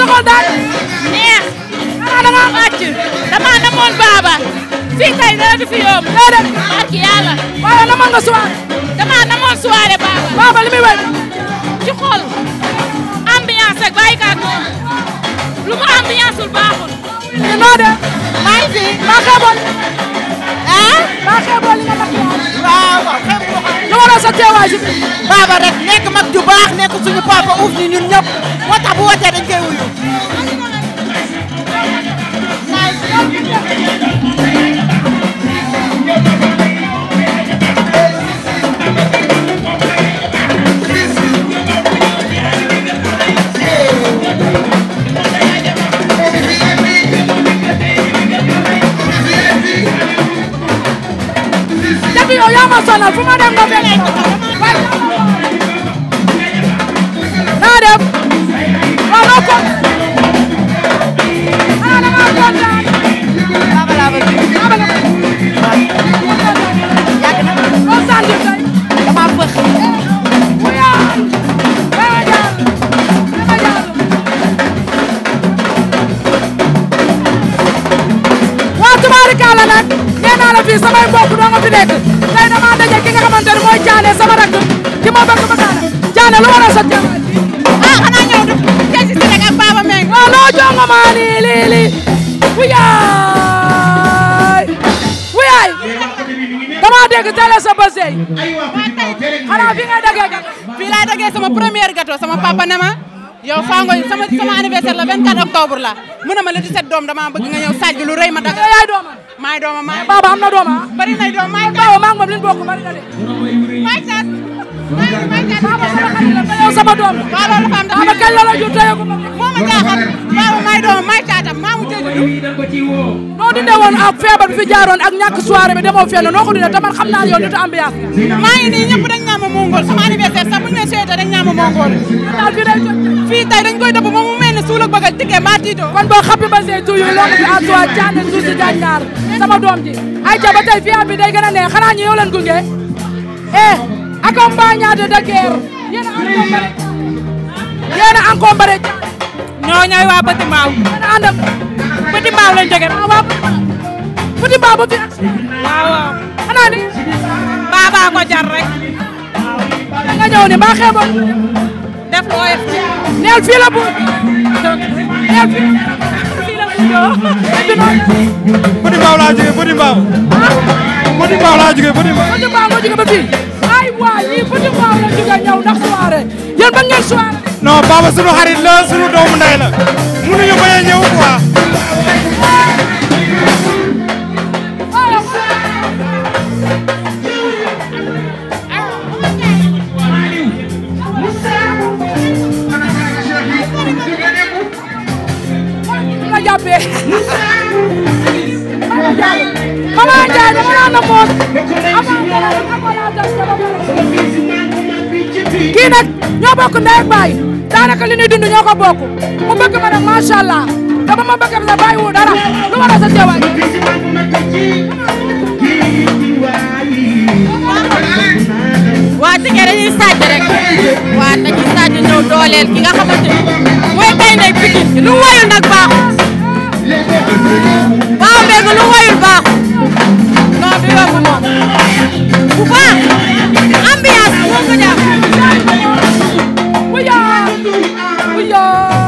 sa xol daal neex xanaa dama wàcc dama baaba fii tey dara du fi yomb déedéet barki yàlla wala namoon nga soirée dama namoon soirée baaba baaba li muy way ci xol ambiance ak bàyyi kaat lu mu ambiance ul baaxul noo de maa ngi fi maa xeeboon ah maa waay baba rek nekk mag ju baax nekk suñu papa uuf ñu ñun ñëpp moo tax bu wootee dañ koy wuyu. Oh, yaa ma sonal fu ma dem ba beneen Tubaarikàlla nag naa fii samay mbokk doo nga fi nekk tey damaa daje ki nga xamante ne mooy Thiané sama rakk ki ma bëgg ma daana Thiané lu war a sot jàmm ah xanaa ñëw si rek ak Baba Meng waaw loo jonga maa nii lii lii wuyaay sa bësey sama première gâteau sama papa ne yow nga sama sama anniversaire la 24 octobre la muna ma le 17 dom dama bëgg nga ñëw sajj lu reey ma daga yaay dooma maay dom maay baba amna dom dooma bari nay doom maay baba ma ngi moom liñ bari na de maay baba sama xarit la yow sama la la ko baba maay maay mu ak fi jaaroon ak soirée bi fenn ambiance dañ ma mungol sama anniversaire d'accord daal fii day jot fii tey dañ koy dëpp ba mu mel ne suul ak bëggal tike maa tiito kon boo xappi ba see tuuyu loolu ci Atoua Thiané suuf si Diagne sama doom ji ayca ba tey fii bi day gën a neex xanaa ñu yow leen gunge eh accompagnateur de guerre yéen a encombré yéen a encombré ñoo ñooy waa Petit Mbao yéen a ànd ak Petit Mbao lañ jóge waaw waa Petit Mbao ba fi waaw waaw xanaa ni baabaa ko jar rek ñëw ni mbaa xeeboon. def loo yëf ci. neel fii la bu. neel fii la bu joo. Petit Mbao laa jógee Petit Mbao. Petit Mbao laa jógee Petit Mbao. Petit Mbao moo jógee ba fii. ay waay yii Petit Mbao la jógee ñëw ndax soirée yéen ba ngeen soirée. non Baba sunu xarit la sunu doomu ndey la munuñu bañ a ñëw quoi. ñoo bokk bay, ak baay daanaka li ñuy dund ñoo ko bokk mu bëgg ma allah te ba ma bëggam sa bàyyi wu dara lu war a sa teewaay. waa Tické dañuy sàcc rek waa dañuy sàcc ñëw dooleel ki nga xamante ni lu ¡Gracias!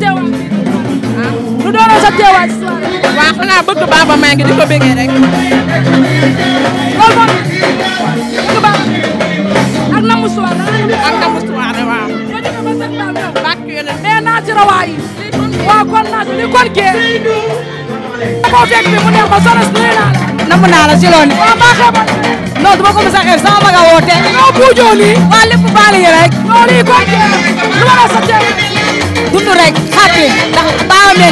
sa teewaay lu doonoon sa teewaay si soirée bi. waaw xanaa bëgg Baba Maguette di ko bëggee rek. loolu moom bëgg Baba ak namu soirée. ak namu soirée waaw. nga jóge ba sëñ Ba ñëw. bàq yéen a mais naa ci rawaay yi. waaw kon naa ci li kon kee. koo fekk bi mu neex ma soxna si nuyu naa la. namu naa la si loo ne. waaw maa xeeboon. non du ma ko mos a xeeb sama mag a woote. ñoo buujoo lii. waa lépp baale yi rek. loolu yi kon kee.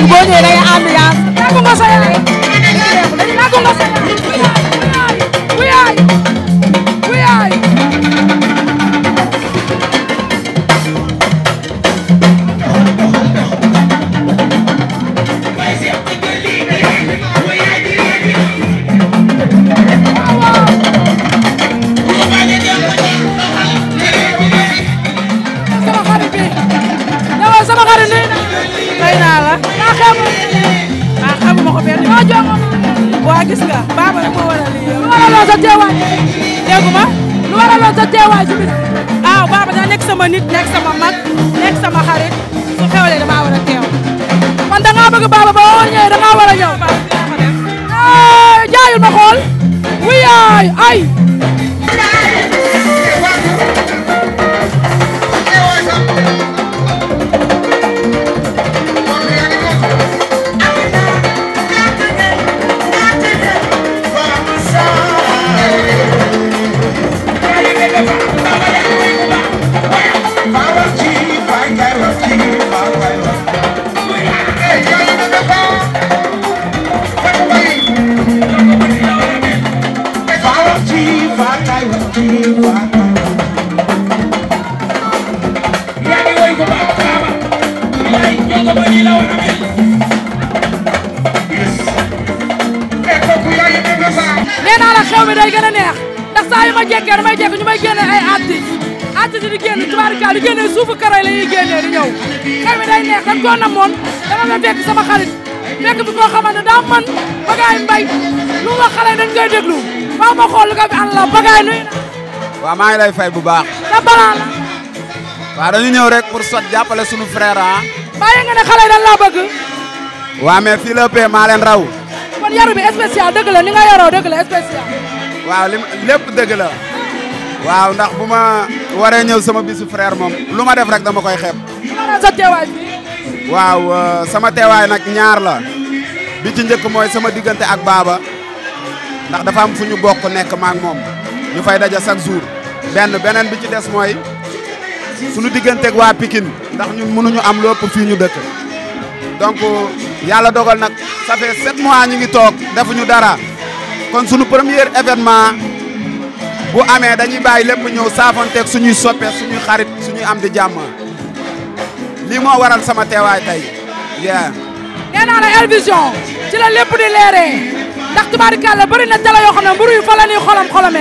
boo ñëwee da ngay ya. gis nga baaba rek moo waral lii yow. lu waraloon sa teewaay. dégg ma lu waraloon sa teewaay ci biir. ah baaba daa nekk sama nit nekk sama mag nekk sama xarit su xewlee damaa war a teew. man da ngaa bëgg baaba ba woo ñëwee da ngaa war a ñëw. jaayul ma xool. wuyaay ay. koo mon, dama la fekk sama xarit fekk bi koo xamante daa mën bagaay mbay lu ma xale dañ koy déglu maa ma xool nga bi an la bagaay nuyu na waaw maa ngi lay fay bu baax da balaa la waaw dañu ñëw rek pour sot jàppale suñu frère a bàyyi nga ne xale dañ laa bëgg waaw mais fii la paix maa leen raw kon yaru bi spécial dëgg la ni nga yaroo dëgg la spécial waaw li lépp la waaw ndax bu ma waree sama bisu frère mom. lu ma def rek dama koy xeeb sa teewaay waaw euh, sama teewaay nag ñaar la bi ci njëkk mooy sama diggante ak baaba ndax dafa am fu ñu bokk nekk maak moom ñu fay daja chaque jour benn beneen bi ci des mooy suñu digganteeg waa pikin ndax ñun mënuñu am lépp fii ñu dëkk donc yàlla dogal nag ça fait sept mois ñu ngi toog defuñu dara kon suñu premier événement bu amee dañuy bàyyi lépp ñëw saafonteeg suñuy soppe suñuy xarit suñuy am di jàmm lii moo waral sama teewaay tey yeah. nee naa la El Vision ci la lépp di leeree ndax tubaarikàlla bëri na jala yoo xam ne mburu yu fa la ñuy xolam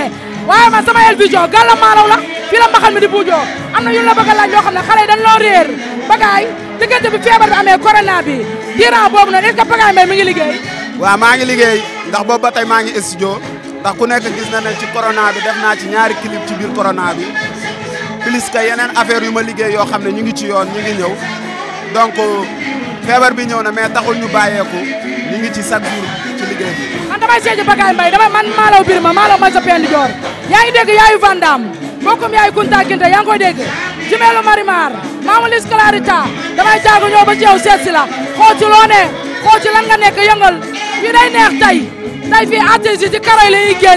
waaye man sama El Vision gàlla maalaw la fii la mbaxal mi di buujoo am na yu la bëgg a laaj xale yi loo réer bagaay diggante bi feebar bi amee corona bi diiran boobu noonu est-ce que bagaay mi ngi liggéey waaw maa ngi liggéey ndax boobu ba maa ngi studio ndax ku nekk gis na ci corona bi def naa ci ñaari clip ci biir corona bi plus que yeneen affaire yu ma liggéey yoo xam ne ñu ngi ci yoon ñu ngi ñëw donc feebar bi ñëw na mais taxul ñu bàyyeeku ñu ngi ci chaque jour ci liggéey bi. man damay seeju Bakaye Mbaye damay man Malaw Birima Malaw Masa Penda Dior yaa ngi dégg yaayu Vandam bokkum yaayu Kunta Kinte yaa ngi koy dégg jumelu Marimar maamu Lis Clarita damay jaagu ñëw ba ci yow seet si la ne xool ci lan nga nekk yëngal fii day neex tey tey fii artiste yi ci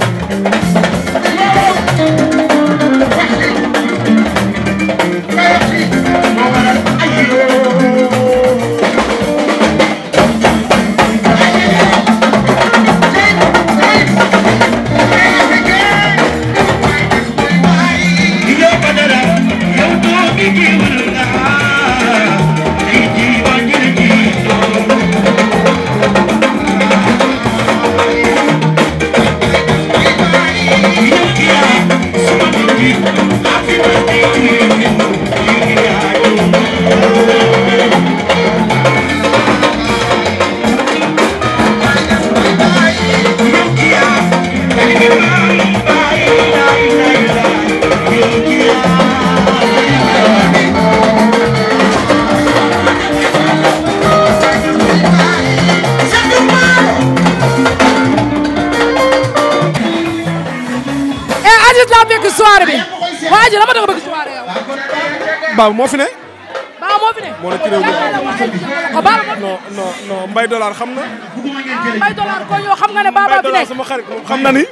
lan ma da nga si soirée yow. moo fi moo fi ne. moo ko Babou moo ah, Dollar xam na. ah Mbaye Dollar ko nga ne Babou fi ne. Mbaye Dollar sama xarit moom xam na ni.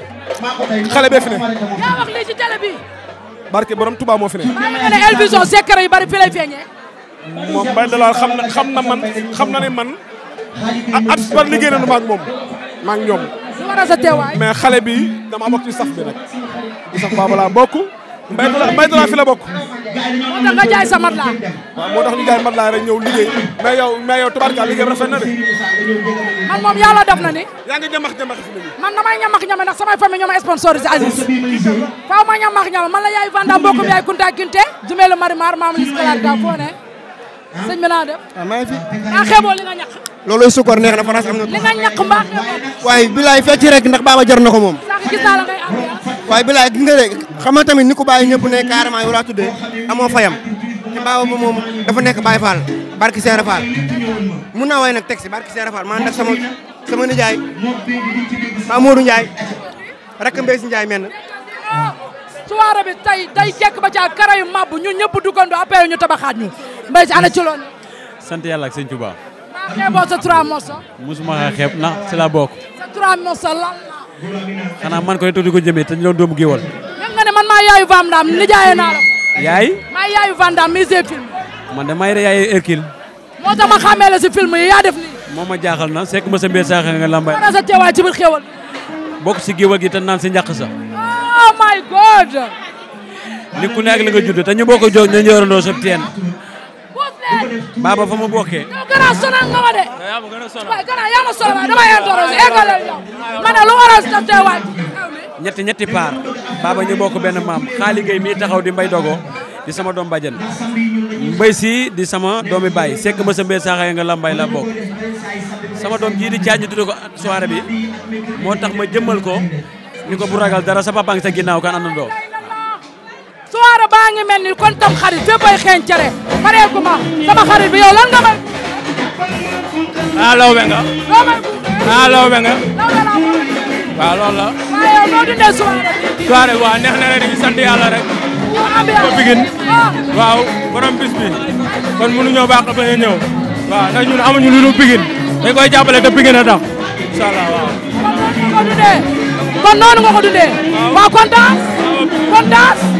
xale bee fi ne. yaa wax lii ci télé bi. barke borom Touba moo fi ne. maa ngi ne El Vision secret bari fi lay feeñee. moom Dollar xam na xam na man xam na ne man. Ah, at par liggéey nañu ma ak moom maa ñoom. lu waral sa teewaay. mais xale bi dama bokk ci Mbaytala Mbaytala fi la bokk. moo tax nga jaay sa mat laa. waaw laa rek ñëw liggéey mais yow mais yow tubaarkaal liggéey rafet na de. man moom yàlla def na ni. yaa ngi ñamax ñamax fi mu man damay ñamax ñame ndax samay famille ñoom sponsorisé Aziz. faaw ma ñamax ñame man la yaay Vanda mbokkum yaay Kunta Kinte. Jumelu Marimar maam Lis Kalanta foo ne. sëñ bi naa def. waaw ah, maa ngi fi. daa ah, xeeboo li nga sukkoor neex na France am na. li nga ñàkk mbaa xeeboo. waaye bilaay fecc rek ndax baaba jar na ko moom. sax gis naa la ngay ah. waaye xam nga tamit ni ko bàyyi ñëpp ne carrément yow laa tuddee amoo fayam te baaw dafa nekk Baye Fall barki Seera Fall mun naa waaye nag teg si barki Seera Fall maa nag sama sama nijaay Pa Modou Ndiaye rakk Mbaye si Ndiaye mel na soirée jekk ba karayu mabbu ñun ñëpp duggandoo après ñu tabaxaat ñu Mbaye si ana ci loon sant yàlla ak sëñ Touba maa xeeboo sa trois na si la bokk sa trois xanaa man koy tuddi ko jëmee te ñu doon doomu géwal yaayu Van Damme nijaayee yaay. maay yaayu Van Damme film. man de maay yaayu Hercule. moo tax si film yi yaa def nii. moo ma jaaxal na sekk ma sa mbir saaxe nga lambay. war na sa teewaay ci biir xéwal. bokk si géew gi te naan si njàq sa. Oh god. ni ku nekk la nga judd te ñu boo ko jóg ñu ñëwandoo sa baaba fa ma bokkee. yow gannaaw sonal nga ma de. yow gannaaw paar. baba ñu bokk ben mam xali gay mi taxaw di mbay dogo di sama dom bàjjen mbay si di sama domi bay sek ma sa mbay nga lambay la bok sama dom di di dogo bi moo tax ma jëmmal ko niko bu ragal dara sa papa ngi sa kan àndandoo soirée ba nga melni kon tam xarit ko ma sama xarit bi yow lan nga may ah law be waaw yow noo dundee soirée bi. soirée neex na rek di sant yàlla rek. ko Pikine waaw borom bis kon mënuñoo baax a bañ a ñun amuñu lu lu Pikine dañ koy jàppale te Pikine a tax incha kon noonu nga ko kon noonu nga ko dundee. waaw kontaan kontaan.